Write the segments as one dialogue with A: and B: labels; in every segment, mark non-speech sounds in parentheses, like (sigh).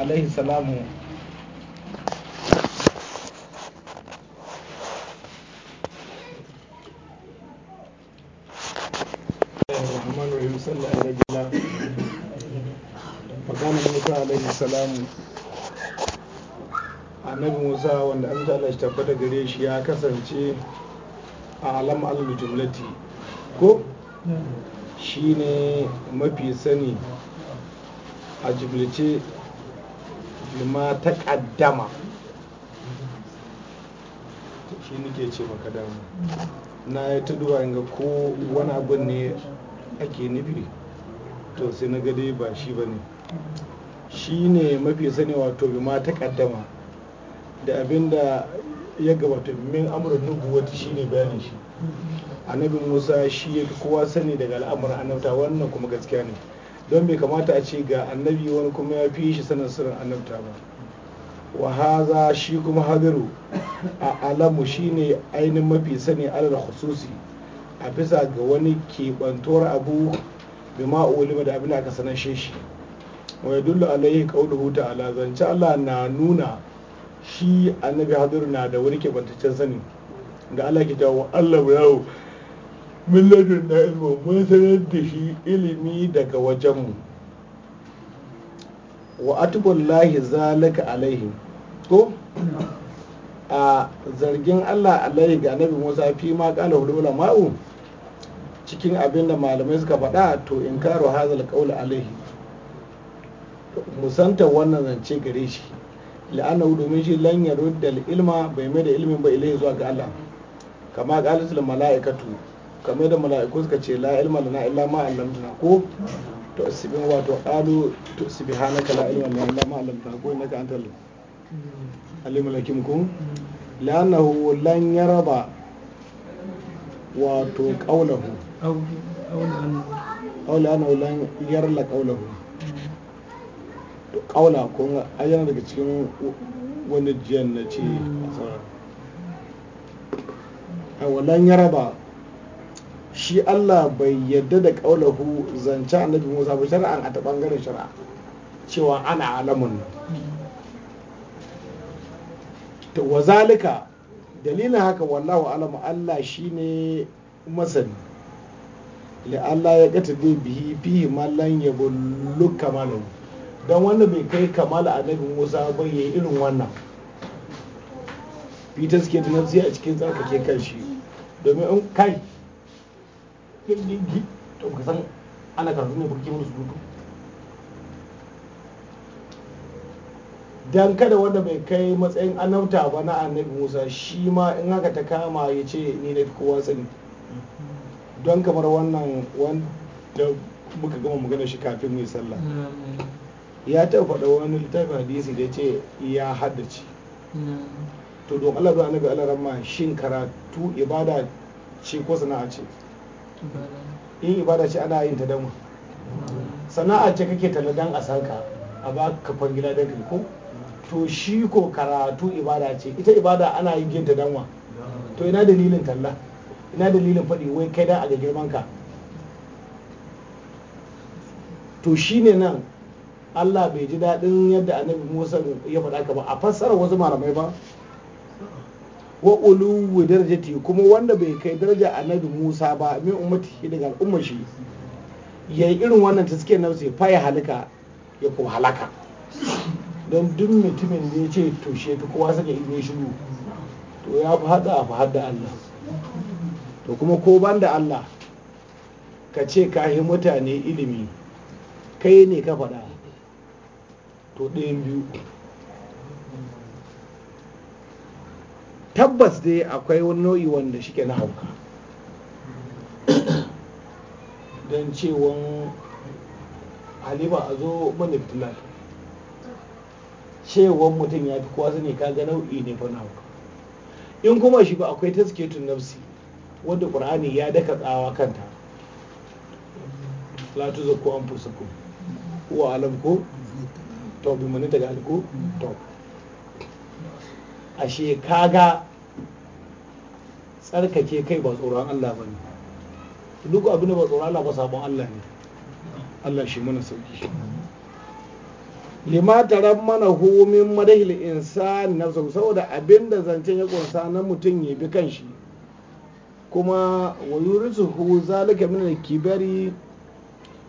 A: alaihi salamu annabi musa wanda an ta shi tabbata gare shi ya kasance a alam al-jumlati ko shine mafi sani a jimlice. lima ta kaddama shi nike ce maka dama na yi ta duba ga ko wani abin ne ake nufi to sai na gade ba shi ba ne shi ne mafi sani wato lima ta kaddama da abin da ya gabata min amurin wata shi ne bayanin shi annabi musa shi ya kowa sani daga al'amuran annabta wannan kuma gaskiya ne don bai kamata a ce ga annabi wani kuma ya fi shi sanin sirrin annabta ba wa haza shi kuma hadiru a alamu shine ainihin mafi sani alal khususi a fisa ga wani kebantowar abu bi ma da abin da aka sanar shi wa yadullu alaihi qawluhu ta'ala zance Allah na nuna shi annabi hadiru na da wani kebantaccen sani da Allah ke jawo Allah yawo milladun na ilmi mun sanar da shi ilimi daga wajenmu wa atubullahi zalika alaihi ko a zargin allah alaihi ga nabi musa fi ma kala ma'u cikin abin da malamai suka faɗa to in karo hazal kaula alaihi musanta wannan zance gare shi la'annahu domin shi lanyar da ilma bai mai da ilimin ba ilai zuwa ga allah kama ga qalatul mala'ikatu kamar da mala'iku suka ce la ilma lana illa ma 'allamtana ko to sibin wato qalu to subhanaka la ilma lana illa ma 'allamtana ko innaka antal alimul hakim kun? la'annahu lan yaraba wato qawluhu aw la'annahu lan yarla qawluhu qawla kun ayyana daga cikin wani jiyan na ce hmm. a walan yaraba shi Allah bai yadda da kaulahu zance annabi Musa ba shari'an a ta bangaren shari'a cewa ana alamun to wazalika dalilin haka wallahu alamu Allah shine masani Allah ya gata dai bihi fihi mallan ya bullu kamalahu don wanda bai kai kamala annabi Musa ba yayi irin wannan Peter suke tunan a cikin tsarkake kan shi domin in kai gi dan kada wanda bai kai matsayin anauta ba na annabi Musa shi ma in haka ta kama ya ce ni na fi kowa sani don kamar wannan wanda muka gama magana shi kafin mai sallah ya taɓa faɗa wani littafin hadisi da ya ce ya haddace hmm. to don Allah don annabi Allah ramma shin karatu ibada ce ko sana'a ce in ibada ce ana yin ta dama sana'a ce kake taladan a sanka a ba ka fangila da ko to shi ko karatu ibada ce ita ibada ana yin ginta danwa to ina dalilin talla ina dalilin faɗi wai kai da a girman ka to shi ne nan Allah bai ji daɗin yadda annabi Musa ya faɗa ka ba a fassara wasu malamai ba wa uluwu darajati kuma wanda bai kai daraja annabi Musa ba min ummati daga al'ummar shi yayi irin wannan ta suke sai faya ya halaka ya ko halaka don duk mutumin da ya ce to she kowa saka ido shiru to ya fi hada a hada Allah to kuma ko ban da Allah ka ce ka yi mutane ilimi kai ne ka faɗa to ɗayan biyu tabbas dai akwai wani nau'i wanda shike na hauka don cewon halima a zo mana fitilar cewon mutum ya fi kowa ne kaga nau'i ne fa na hauka in kuma shi ba akwai tasketun nafsi wadda ƙur'ani ya daka tsawa kanta la tuzakku ko huwa alam ko to bi manita ga ko to ashe kaga tsarkake kai ba tsoron Allah ba ne duk abin da ba tsoron Allah ba sabon Allah ne Allah shi mana sauki lima taran mana homin madahil insani na saboda abin da zancen ya kunsa na mutum ya bi kanshi kuma wa hu zalika min al-kibari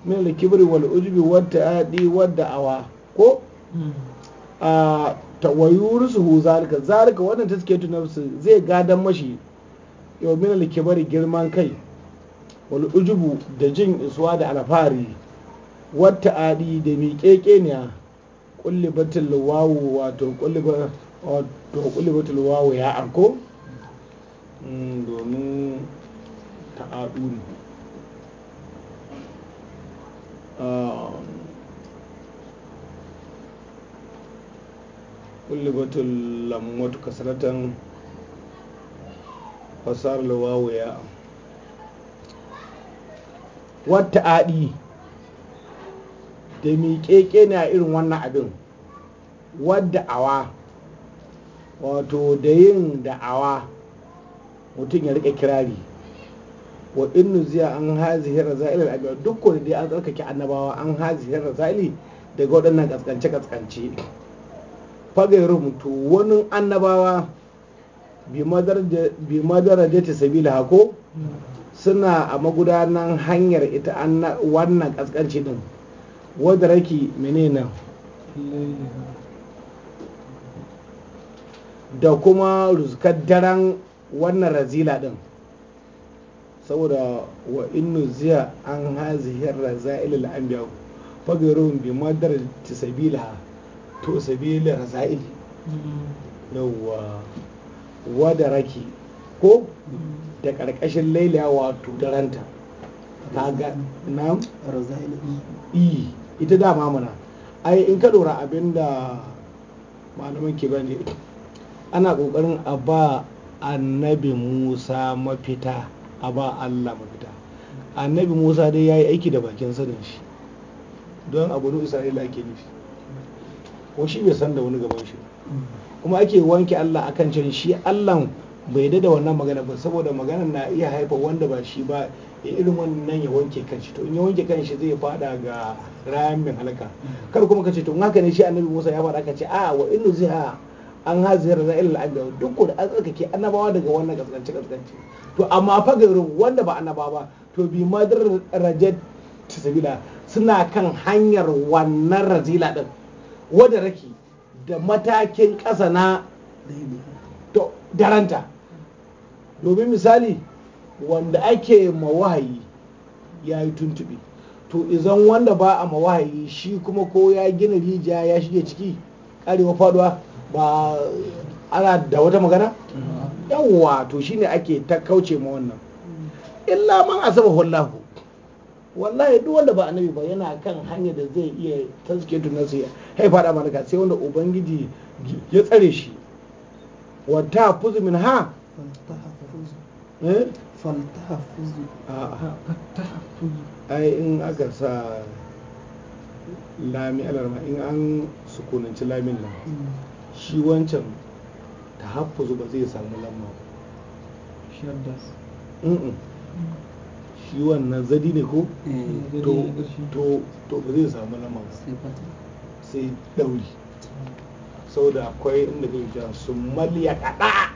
A: min al-kibri wal ujbi wad ta'adi wad da'awa ko hmm. a ah, ta hu zalika zalika wannan tunan su zai gadan mashi yau min alkibari girman kai wal ujubu da jin isuwa da alfahari wata adi da miƙeƙeniya kullibatul wawu wato kullibatul wawu ya arko hmm, domin ta'adu ne ah, Kulli kullibatul lammatu kasratan fasar lawawu ya wata adi da miƙeƙe na irin wannan abin wadda awa wato da yin da'awa mutum ya rike kirari wa inu ziya an hazihir raza'il a biyar duk dai an tsarkake annabawa an hazihir raza'ili daga waɗannan ƙasƙance-ƙasƙance fagai rubutu wani annabawa bi da ta sabila hako suna a magudanar hanyar ita wannan kaskanci din wadda raki menene da kuma ruskar wannan razila din saboda wa innu ziya an raza raza'ilil an biya fagairun bi da ta sabila to sabilin rasa'il yawwa wada raki ko da ƙarƙashin laila wato daranta ta ga nan rasa'il ita dama muna ai in ka lura abin da malaman ke bane ana ƙoƙarin a ba annabi musa mafita a ba allah mafita annabi musa dai ya yi aiki da bakin sanin shi don abu isra'ila ke nufi ko shi bai san da wani gaban shi kuma ake wanke Allah akan can shi Allah bai da wannan magana ba saboda magana na iya haifa wanda ba shi ba ya irin wannan ya wanke kanshi to in ya wanke kanshi zai fada ga rayan mai halaka kar kuma kace to haka ne shi annabi Musa ya ka ce, a wa inna ziha an haziyar ra'il al'adab duk da an tsarkake annabawa daga wannan gaskance gaskance to amma fa ga wanda ba annaba ba to bi madar rajat sabila suna kan hanyar wannan razila din wadda raki da matakin ƙasa na daranta domin misali wanda ake mawahayi ya yi tuntube to izan wanda ba a mawahayi shi kuma ko ya gina rijiya ya shige ciki karewa faduwa ba ana da wata magana
B: mm-hmm.
A: yawwa to shine ake ta kauce ma wannan illa man asaba wallahu wallahi duk wanda ba annabi ba yana kan hanyar da zai iya tazkiyatu nasiya haifa da malaka sai wanda ubangiji ya tsare shi wa tahfuz min ha eh? ai in aka sa lami alarma in an sukunanci lamin nan hmm. shi wancan ta tahaffuzu ba zai samu lamma ba shi wannan zadi ne ko eh, to ba zai samu lamar sai ɗauri da akwai inda ke cewa su maliya kada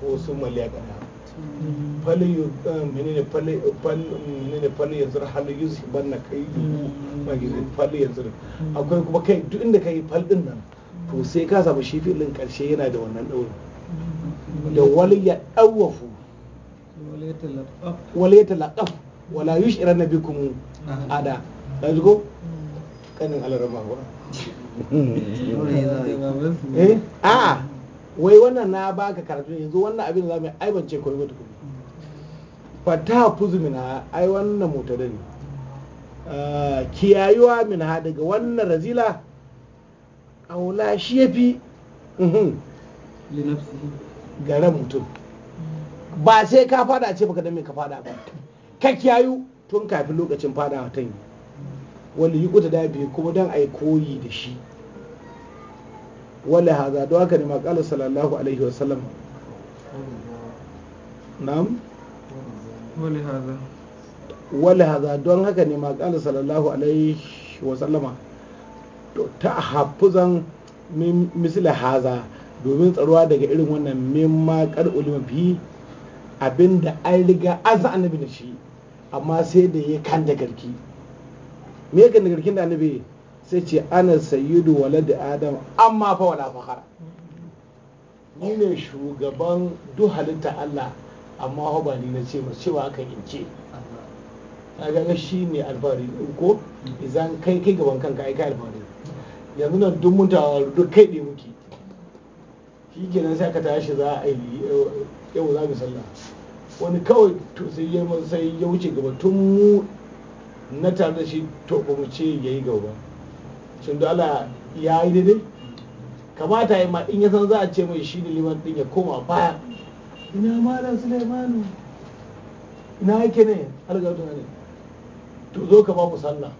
A: ko su maliya kada eh, menene fali yanzu hali yusuf ban na kai hmm. magizin fali yanzu akwai kuma kai duk inda ka yi fal ɗin nan to sai ka samu shi filin ƙarshe yana da wannan ɗaurin da wali ya ɗauwafu wala ya talaqaf wala yushiran nabikum ada kaji ko kanin alarama ba
B: eh (laughs) a
A: wai wannan na baka karatu yanzu wannan abin za mu aibance ko ba tukuni fata fuzu min ha ai wannan da ne ah, kiyayuwa min ha daga wannan razila wula shi ya mhm, ga ran mutum ba sai ka fada ce baka dame ka fada ba ka kiyayu tun kafin lokacin fada ta yi wani yi kuta dabi kuma don a yi koyi da shi wala haza don haka ne makala sallallahu alaihi wasallam na'am wala haza wala haza don haka ne makala sallallahu alaihi wasallama ta hafuzan misali haza domin tsaruwa daga irin wannan mimma kar ulima fi abinda an riga aza annabi da shi amma sai da ya kan da garki me ya kan da garkin da annabi sai ce ana sayyidu walad adam amma fa wala fakhara ni ne shugaban duk halitta Allah amma ba ni na ce masu cewa aka ince ce ta ga shi ne alfahari ko idan kai kai gaban kanka ai kai alfahari yanzu nan duk mutawa duk kai ne muke shi kenan sai aka tashi za a yi yau za ka sallah wani kawai to sai ya sai ya wuce gaba tun mu na tare da shi to ba mu ce yayi gaba shin da Allah ya yi daidai kamata ya ma in ya san za a ce mai shi da liman din ya koma baya ina malam Sulaimanu ina yake ne har ga tunani to zo ka ba mu sallah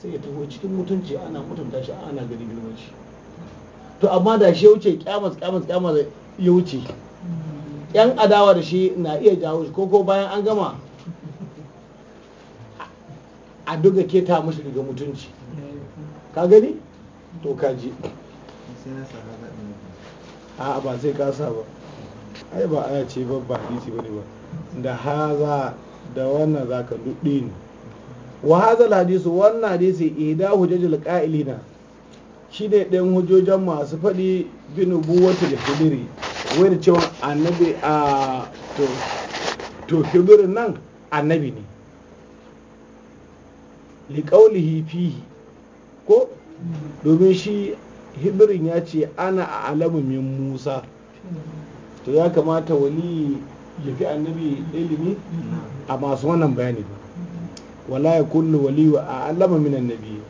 A: sai ya taho cikin mutunci ana mutunta shi ana gari girman shi to amma da shi ya wuce kyamas kyamas kyamas ya wuce yan adawa da shi na iya jawo shi ko bayan an gama a duka keta mashi daga mutunci ka gani to ka ji a ba sai kasa ba ai ba a ce ba ba hadisi ne ba da haza da wannan ka duddi ne wa haza hadisi wannan hadisi ida hujjajul qa'ilina shi ne ɗan hujjojen masu faɗi bi nubuwatu da hudiri wani cewa annabi a to nan annabi ne liƙaulihi fihi ko domin shi hidirin ya ce ana a alamumin musa to ya kamata wani ya fi annabi ilimi a masu wannan bayani ba wala ya kullu waliyu a alama min annabi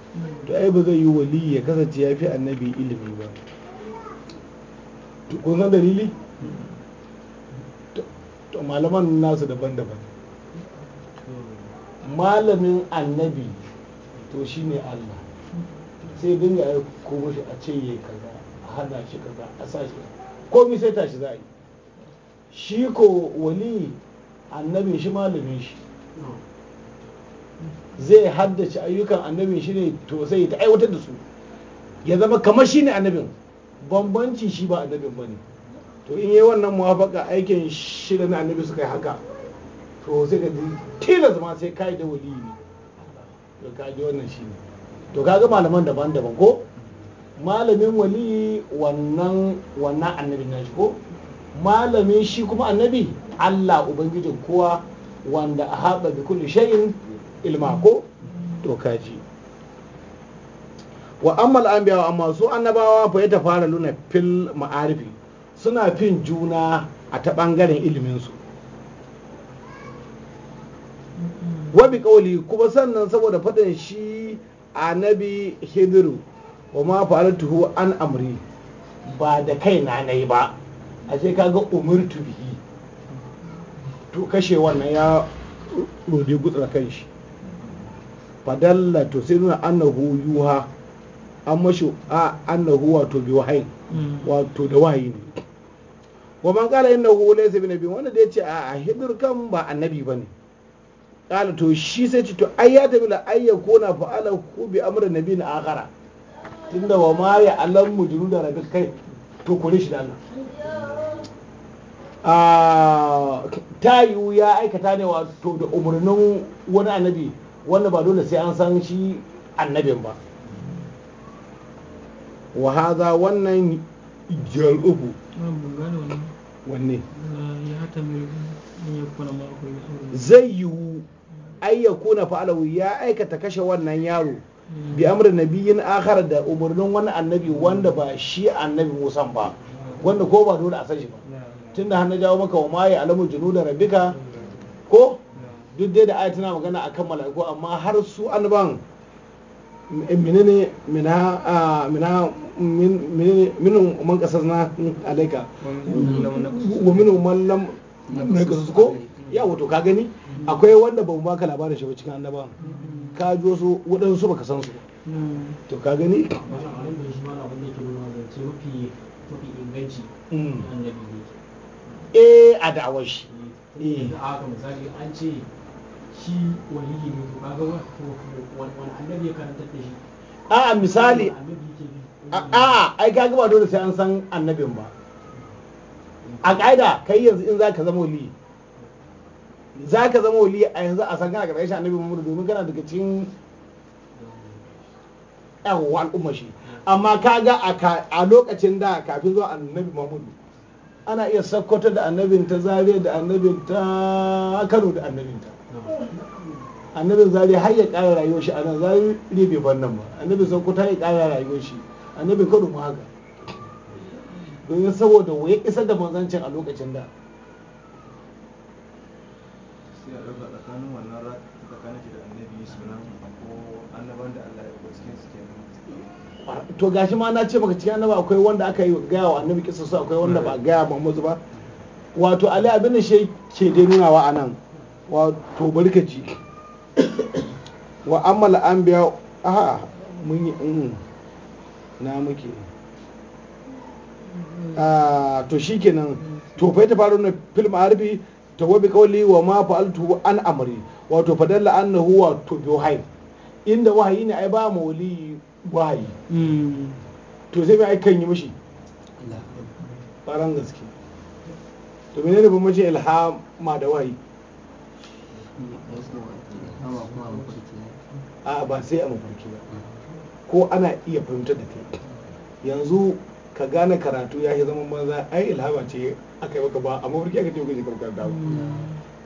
A: to ai ba zai yi wali ya kasance ya fi annabi ilimi ba kun san dalili to malaman nasu daban-daban malamin annabi to shine Allah sai dinga ya kuma shi a ce ya kaza a hada shi kaza a sa shi komi sai tashi za a yi shi ko wani annabin shi malamin shi zai haddace ayyukan annabin shi ne to sai ta aiwatar da su ya zama kamar shi ne annabin bambanci shi ba annabin ba ne to in yi wannan muwafaka aikin shida na annabi suka yi haka to sai ka ji zama sai kai da wali ne to ka ji wannan shi ne to kaga malaman daban-daban ko malamin wali wannan wannan annabin shi ko malamin shi kuma annabi Allah ubangijin kowa wanda a haɓa bi kulli shay'in ilma ko to kaji wa ammal anbiya amma su annabawa fa ta fara nuna fil ma'arifi suna fin juna a ta bangaren ilimin su wa bi kuma sannan saboda fadin shi annabi hidiru wa ma tuhu an amri ba da kaina nai ba A ka ga umar bihi to kashe wannan ya rudi gutsa kan shi fadalla to sai nuna annahu yuha an mashi a annahu wato bi wahayi hmm. wato da wahayi ne wa man qala innahu laysa bi nabiyyin wanda da yace a hidir kan ba annabi bane qala to shi sai ce to ayyata bil tabi ayya kona fa ala ku bi amri nabiyyin akhara tunda wa ma ya alam mujru da rabbi kai to kore shi da Allah a tayu ya aikata ne wato da umarnin wani annabi wanda ba dole sai an san shi annabin ba wa haza wannan jal'ubu wanne zai yiwu ai na kuna ya aikata kashe wannan yaro hmm. bi amrin nabiyyin akhar da umarnin wani annabi wanda ba shi annabi musan ba wanda ko ba dole a san ba
B: hmm.
A: tunda har jawo maka wa maye ya da junuda rabbika ko hmm. duk dai da ayatuna magana akan mala'iku amma har su annaban Eh, menene mina a mina minin man kasar na alaika wa minin man lam na kasar ko ya wato ka gani akwai wanda ba baka labarin shi ba cikin annaba ka ji wasu waɗansu baka san su to ka gani eh a da'awar shi eh haka misali an ce shi waliyi ne to kaga wani annabi ya karanta da shi a'a misali a'a ai kaga ba dole sai an san annabin ba a ƙa'ida kai yanzu in zaka zama waliyi zaka zama waliyi a yanzu a san kana karɓar shi annabi Muhammadu domin kana daga cikin yawon al'umma shi amma kaga a lokacin da kafin zuwa annabi Muhammadu ana iya sakkwato da annabin ta zariya da annabin ta kano da annabin ta annabin zari har ya kara rayuwar shi a nan zari bai ban nan ba annabin kuta ya kara rayuwar shi annabin kano ma haka domin saboda waye isar da manzancin a lokacin da to gashi ma na ce maka cikin annaba akwai wanda aka yi gaya wa annabi kisa su akwai wanda ba gaya ba mutu ba wato ali abin da shi ke dai nunawa a nan Wa barka ji wa ammal an biya aha mun yi mm, na muke ah, to shi kenan to fai ta faru na film arbi ta wabi kawali wa ma altu an amri wato fadalla annahu wa to bi inda wahayi ne ai ba wali wahayi hmm. to sai ai kan yi mishi ɓaran gaske to menene bambancin ilhama da wahayi a ba sai a mafarki ba ko ana iya fahimtar da kai yanzu ka gane karatu ya shi zaman banza ai ilhama ce aka yi maka ba a mafarki aka ce kuka karanta ba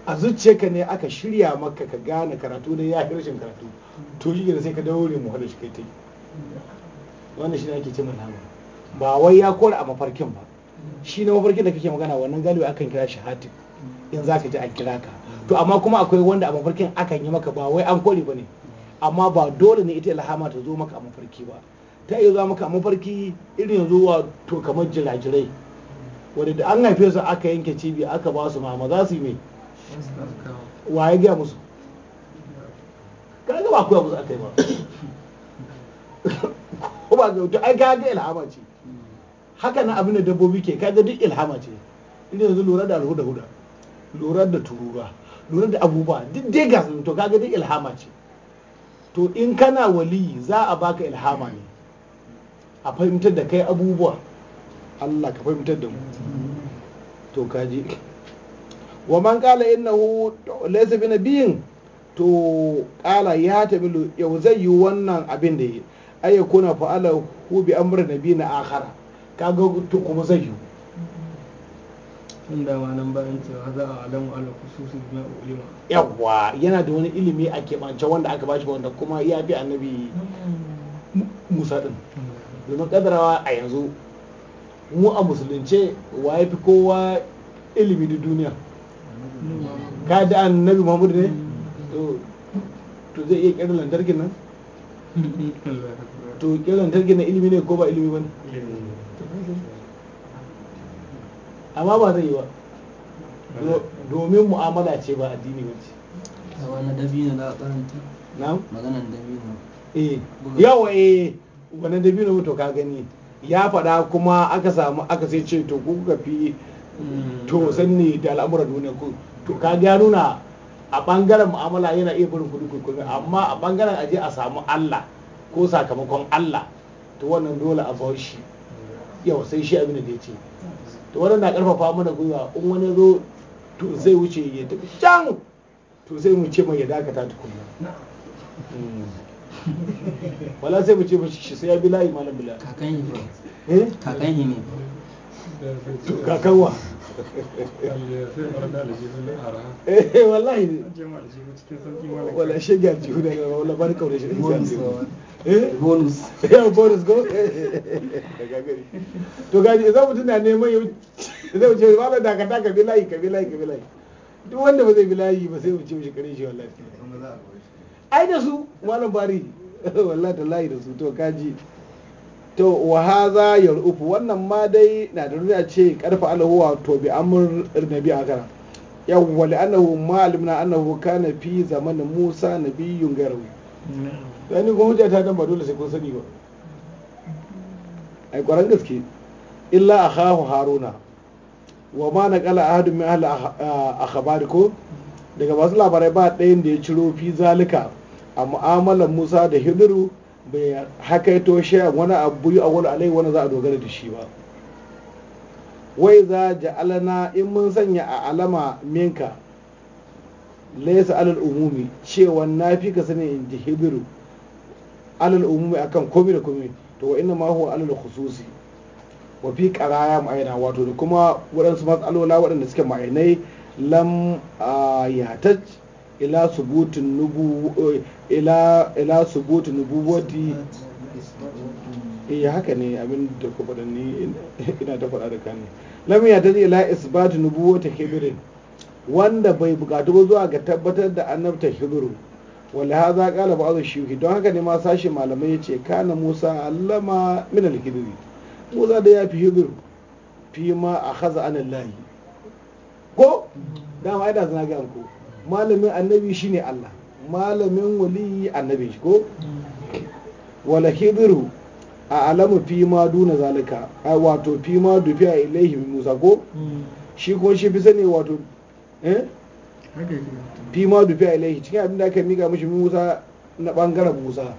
A: a zuciyarka ne aka shirya maka ka gane karatu da ya fi rashin karatu to shi sai ka daure mu hada shi kai ta yi wannan shi ne ake ce ilhama ba wai ya kora a mafarkin ba shi na mafarkin da kake magana wannan galibi akan kira shi in za ka ji a kira ka to amma kuma akwai wanda a mafarkin akan yi maka ba wai an kore ba ne amma ba dole ne ita ilhama ta zo maka a mafarki ba ta iya zuwa maka a mafarki irin yanzu wa to kamar jirajirai wanda da an haife su aka yanke cibi aka ba su mama za su yi mai waye gaya musu kaga ba koya za aka yi ba (coughs) ko ba to ai ga ilhama ce haka na abin da dabbobi ke kaga duk ilhama ce idan yanzu lura da alhuda huda lura da turura. lura da abubuwa duk dai ga to kaga dai ilhama ce to in kana wali za a baka ilhama ne a fahimtar da kai abubuwa Allah ka fahimtar da mu to kaji wa man qala innahu laysa bi nabiyyin to qala ya tabilu yau zai yi wannan abin da yi ayyukuna fa'ala hu bi amri nabiyyin akhara kaga to kuma zai yi yawa yana da wani ilimi a keɓance wanda aka bashi wanda kuma ya fi annabi musa din domin kadarawa a yanzu mu a musulunce wa ya fi kowa ilimi da duniya ka da annabi muhammad ne to zai iya kirin lantarkin nan (laughs) to kirin lantarkin na ilimi ne ko ba ilimi ba ne amma ba zai yi ba domin mu'amala ce ba addini ba ce yawa na dabino na karanta na maganan dabino eh yawa eh wannan dabino to ka gani ya faɗa kuma aka samu aka sai ce to kuka fi hmm. to sanni da al'amuran duniya ku to ka ga nuna a bangaren mu'amala yana iya barin kuɗi kuɗi amma a bangaren aje a samu Allah ko sakamakon Allah to wannan dole a bawa shi yau sai shi abin da ya ce to wannan na karfafa mana gwiwa in wani zo to zai wuce ya tafi can to sai mu ce mai ya dakata tukunna hmm. wala sai mu ce mu shi sai ya bi layi malam bila kakan yi ne eh? kakan ne kakan wa eh wallahi ne wala shege aljihu da wala barka da shi Eh? bonus (laughs) yau bonus ko (laughs) to gaji idan mutum na neman yau zai wuce ba da dakata ka bi layi ka bi layi ka bi layi duk wanda ba zai bi layi ba sai wuce ce mishi kare shi wallahi ai da su malam bari (laughs) wallahi ta layi da su to kaji to wa haza yarufu wannan ma dai na da nuna ce karfa alhuwa to bi amr nabi akara yawwa li annahu ma alimna annahu kana fi zamanin musa nabiyyun garawi to ni kuma ta dan ba dole sai kun sani ba ai ƙwarar gaske illa akhahu haruna wa ma naqala ahadun min ahli akhbari ko daga masu labarai ba ɗayan da ya ciro fi zalika a mu'amalar Musa da Hidiru bai hakaito a wani abu yi wani alai wani za a dogara da shi ba wai za ja'alana in mun sanya a alama minka laysa alal umumi cewa na fi ka sani in ji Hidiru alal umumi akan komai da komai to wa inna ma huwa alal khususi wa fi qaraya mu'ayyana wato da kuma waɗansu matsalola waɗanda suke ma'ainai lam Yataj ila subutin nubu ila ila subutin nubuwati eh haka ne abin da ku ni ina ta faɗa da kani lam yahtaj ila isbat nubuwati khibirin wanda bai bukatu ba zuwa ga tabbatar da annabta hibiru wala haza qala ba'd shuyukh don haka ne ma sashi malamai ce kana Musa allama min al Musa da ya fi hidir fi ma haza an Allah ko dama ina zana ga ko malamin annabi shine Allah malamin waliyi annabi shi ko wala hidiru a alamu fi ma duna zalika a wato fi ma a ilaihi Musa ko hmm. shi ko shi fi sani wato eh fi ma ilaihi cikin abin da aka miƙa mishi musa na ɓangaren musa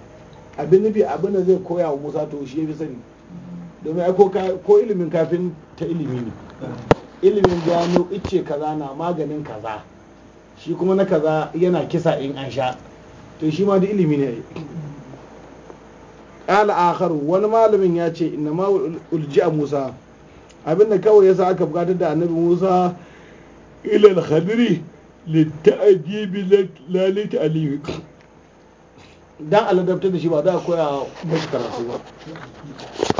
A: abin nufi abin da zai koya wa musa to shi ya fi sani domin ai ko ilimin kafin ta ilimi ne ilimin gano ice kaza na maganin kaza shi kuma na kaza yana kisa in an sha to shi ma da ilimi ne ƙala akharu wani malamin ya ce inna ma ulji a musa abinda kawai yasa aka bukatar da annabi musa ilal khadiri litta'ajibi lalita aliyu dan aladabtar da shi ba za a koya mashi karatu ba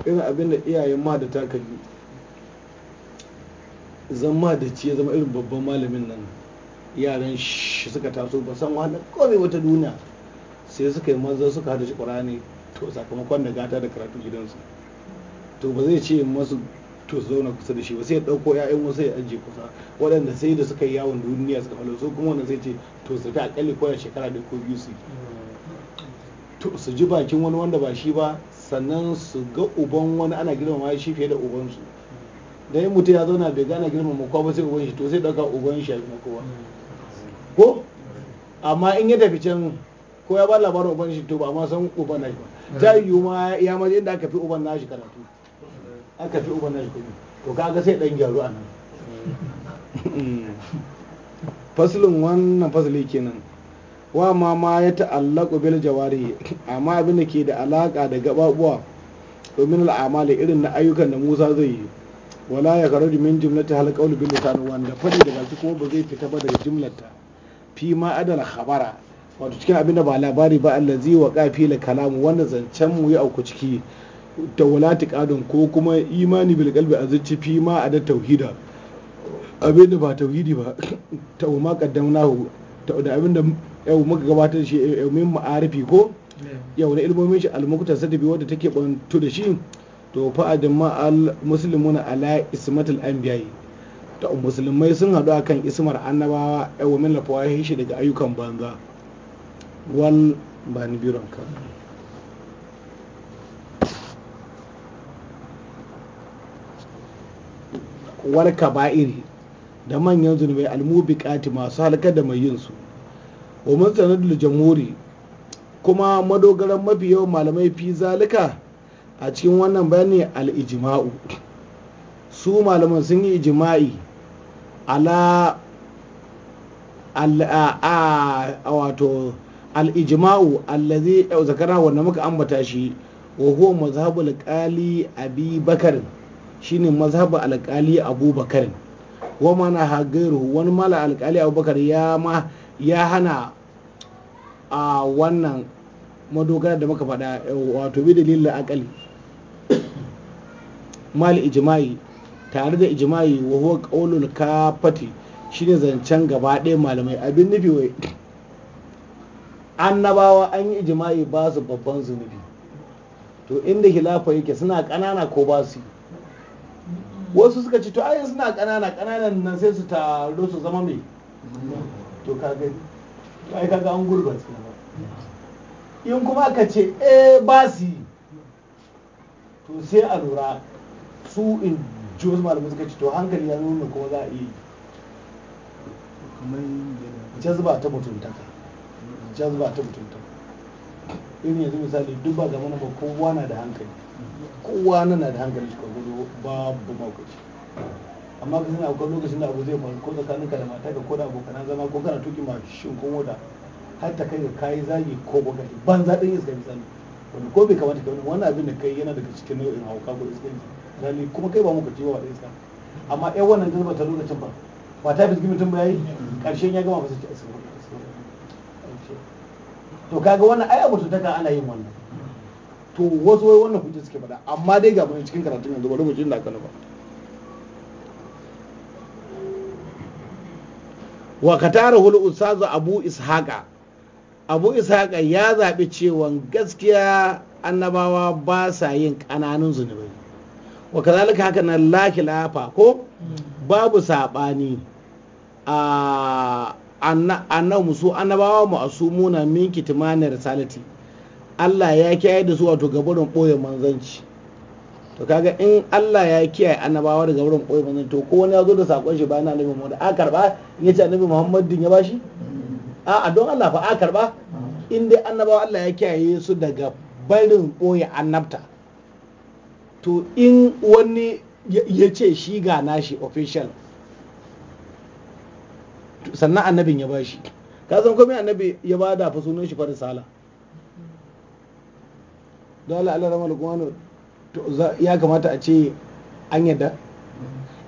A: irin abin da iyayen ma da takali zama da ci ya zama irin babban malamin nan yaran shi suka taso ba san wahalar kome wata duniya sai suka yi maza suka hada shi ƙwarane to sakamakon da gata da karatu gidansu to ba zai ce masu to su zauna kusa da shi ba sai ya ɗauko ya'yan wasu ya ajiye kusa waɗanda sai da suka yi yawon duniya suka falo su kuma wannan sai ce to su fi aƙalli ko shekara da ko biyu su to su ji bakin wani wanda ba shi ba sannan su ga uban wani ana girmama shi fiye da ubansu da yin mutum ya zauna bai gana girmama kowa ba sai uban shi to sai ɗauka uban shi ya na kowa ko amma in ya tafi can ko ya ba labarin uban shi to ba ma san uban nashi ba ta yiwu ma ya maje inda aka fi uban nashi karatu aka fi uban to kaga sai dan gyaru a nan (laughs) faslin wannan fasali kenan wa ma ma ya ta'allaku bil jawari, amma abin da ke da alaka da gababuwa domin al'amali irin na ayyukan da Musa zai yi wala ya kharaju min jumlati hal qawl bil lisan wanda fadi daga su kuma ba zai fita ba daga jumlata fi ma adal khabara wato cikin abin da ba labari ba allazi wa qafila kalamu wanda zancen mu ya auku ciki tawalati kadon ko kuma imani bil a zuci fi ma a da tauhida abin da ba tauhidi ba (coughs) ta na hu da abin da yau muka gabatar shi yau min ma'arifi ko yau na ilmomin shi almukuta sadabi wadda take bantu da shi to fa'adin ma al muslimuna ala ismatul anbiya'i ta musulmai sun haɗu akan ismar annabawa yau min lafawa shi daga ayyukan banza wal ba biron ka wal kaba'iri da manyan zunubai almubiqati masu halka da mai yin su wa mustanadul jamhuri kuma madogaran mafi yawan malamai fi zalika a cikin wannan bayani al-ijma'u su malaman sun yi ijma'i ala a wato al-ijma'u allazi zakara wanda muka ambata shi wa huwa mazhabul qali abi bakar shine mazhabin alkali abubakar wa mana hagairu wani mala alkali abubakar ya ma ya hana a wannan madogara da muka faɗa wato bi dalilin akali mal ijma'i tare da ijma'i wa huwa qaulul kafati shine zancen gaba ɗaya malamai abin nufi wai annabawa an yi ijma'i ba su babban zunubi to inda hilafa yake suna ƙanana ko ba su yi wasu suka ce to ai suna kanana kananan nan sai su taro su zama mai to kaga ai kaga an gurbat in kuma ka ce eh ba su to sai a lura su in ji wasu malamai suka ce to hankali ya nuna kuma za a iya yi jazba ta mutuntaka jazba ta mutuntaka irin yanzu misali duk ba zama na ba kowa na da hankali kowa na na da hankali shi gudu babu maukaci amma ka suna akwai lokacin da abu zai faru ko tsakanin ka da mata ka ko da abokan zama ko kana tuki mashin ko mota har ta kai ga kayi zagi ko bakari ban zaɗin iska misali wani ko bai kamata ka wani wani abin da kai yana daga cikin nau'in hauka ko iska misali kuma kai ba maukaci ba da iska amma yan wannan ta ta lokacin ba ba ta fi mutum ba yayi ƙarshen ya gama fasa ci asibiti. to kaga wannan ai abu taka ana yin wannan to wasu wai wannan hujja suke faɗa amma dai ga mun cikin karatun yanzu bari mu ji inda aka nufa wa katara hul ustazu abu ishaqa abu ishaqa ya zaɓi cewa gaskiya annabawa ba sa yin kananun zunubai wa kazalika haka nan lafa ko mm. babu saɓani a annabu su annabawa minki min kitmanin risalati Allah ya kiyaye da su wato gaburin ɓoye manzanci to kaga in Allah ya kiyaye annabawa da gabarin ɓoye manzanci to ko wani ya zo da saƙon shi bayan annabi Muhammad a karɓa ya ce annabi Muhammadin ya bashi
B: mm.
A: a'a don Allah fa a karɓa.
B: Mm.
A: in dai annabawa Allah ya kiyaye su daga barin ɓoye annabta to in wani ya ce shi ga nashi official sannan annabin ya bashi ka san komai annabi ya ba da sunan shi farin sala dole Allah ramar kuma ya kamata a ce an yadda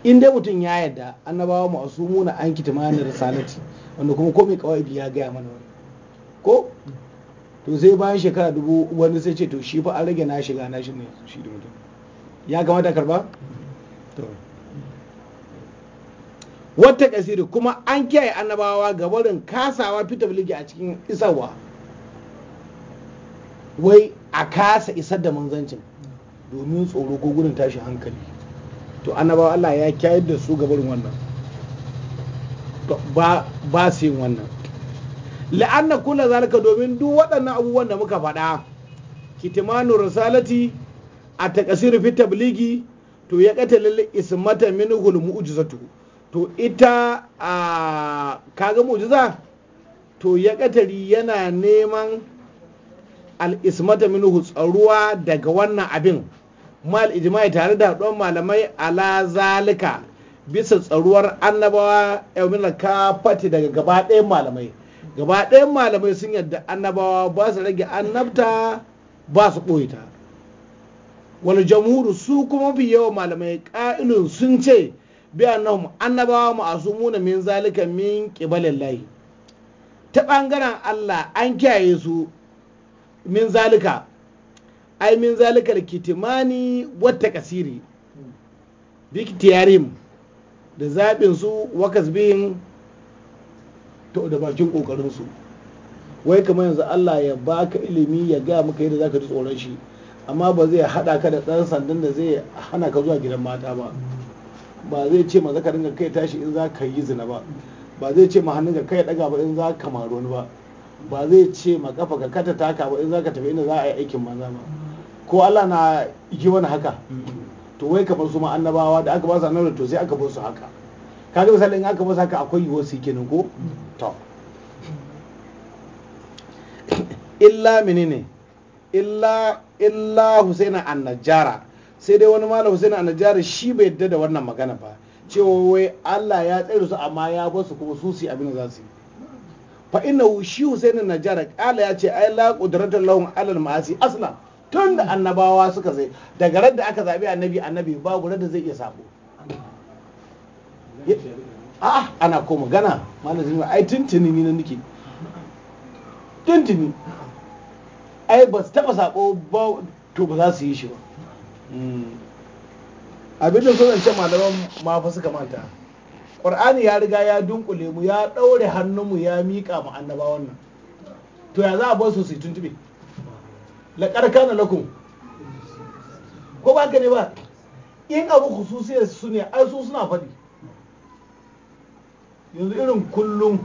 A: in dai mutum ya yadda annabawa masu muna an kitimani risalati wanda kuma komai kawai ya gaya mana wani ko to sai bayan shekara dubu wani sai ce to shi fa an rage na shiga na shi ne shi da mutum ya kamata karba to wata kasiri kuma an kiyaye annabawa ga barin kasawa fita biligi a cikin isarwa wai a kasa isar da manzancin domin tsoro ko gudun tashi hankali to annabawa Allah ya kyayar da su ga barin wannan ba su yin wannan la'anna kula zalika domin duk waɗannan abubuwan da muka faɗa kitimanu risalati a takasiri fi tabligi to ya lalle ismata minhul mu'jizatu to ita a kaga mu'jiza to ya katari yana neman al'ismata minhu tsaruwa daga wannan abin mal ijma'i tare da haɗuwar malamai ala zalika bisa tsaruwar annabawa ka kafati daga gabaɗayan malamai Gabaɗayan malamai sun yadda annabawa ba su rage annabta ba su ɓoye ta Wani jamhuru su kuma fi yawan malamai ƙa'ilun sun ce bi annahum annabawa ma'asumuna min zalika min qibalillahi ta bangaren Allah an kiyaye su min zalika ai min zalika kitimani wata kasiri bik tiyarim da zabin su wakas biyin to da bakin kokarin su wai kamar yanzu Allah ya baka ilimi ya ga maka yadda zaka ji tsoron shi amma ba zai haɗa ka da ɗan sandan da zai hana ka zuwa gidan mata ba ba zai ce ma ka dinga kai tashi in za ka yi zina ba ba zai ce ma hannun ka kai daga ba in za ka maro wani ba ba zai ce ma kafa ka kata taka ba in za ka tafi inda za a yi aikin manza ba ko Allah na yi wani haka to wai kamar su ma annabawa da aka ba su annabawa to sai aka bar su haka kaga misali in aka bar su haka akwai yiwuwar su kenan ko to illa menene illa illa husaina annajara sai dai wani malam Hussein a najeriya shi bai yadda da wannan magana ba cewa wai Allah ya tsare su amma ya ba su kuma su su abin da za su yi fa inna shi Hussein Najjar kala ya ce ai la qudratul lahum alal ma'asi aslan tun da annabawa suka zai daga da aka zabi annabi annabi babu da zai iya sabo a ana ko magana malam zai ai tuntuni ni nake tuntuni ai ba su taba sabo ba to ba za su yi shi ba Mm. abin da zance malaman ma fa suka manta ƙur'ani ya riga ya dunkule mu ya ɗaure hannunmu ya miƙa mu annaba wannan to ya za a bar su su tuntube laƙarƙa na lakum ko ba ka ne ba in abu khususiyar su ne ai su suna faɗi yanzu irin kullum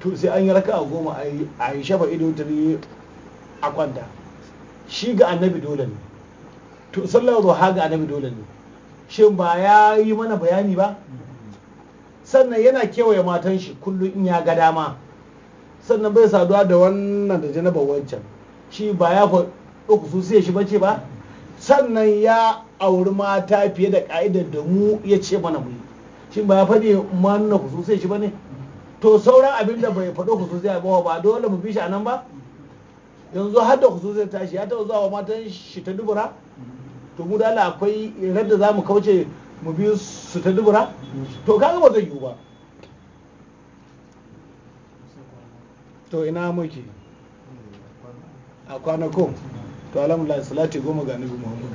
A: to sai an yi raka a goma a yi shafa ido ta ne a kwanta shi ga annabi dole ne to sallar ruha ga annabi dole ne shin ba ya yi mana bayani ba sannan yana kewaye matan shi kullum in ya ga dama sannan bai saduwa da wannan da janaba wancan shi ba ya su sai shi bace ba sannan ya auri mata fiye da ka'idar da mu ya ce mana mu shi ba ya faɗi mana kususiyar shi ba ne to sauran abin da bai faɗo kususiyar ba ba dole mu bi shi a nan ba yanzu har da kususiyar tashi ya taɓa zuwa wa matan shi ta dubura to mu Allah akwai yadda za mu kauce mu biyu su ta dubura to kaga ba zai yiwu ba to ina muke a kwanako to alhamdulillah salati goma ga nabi muhammad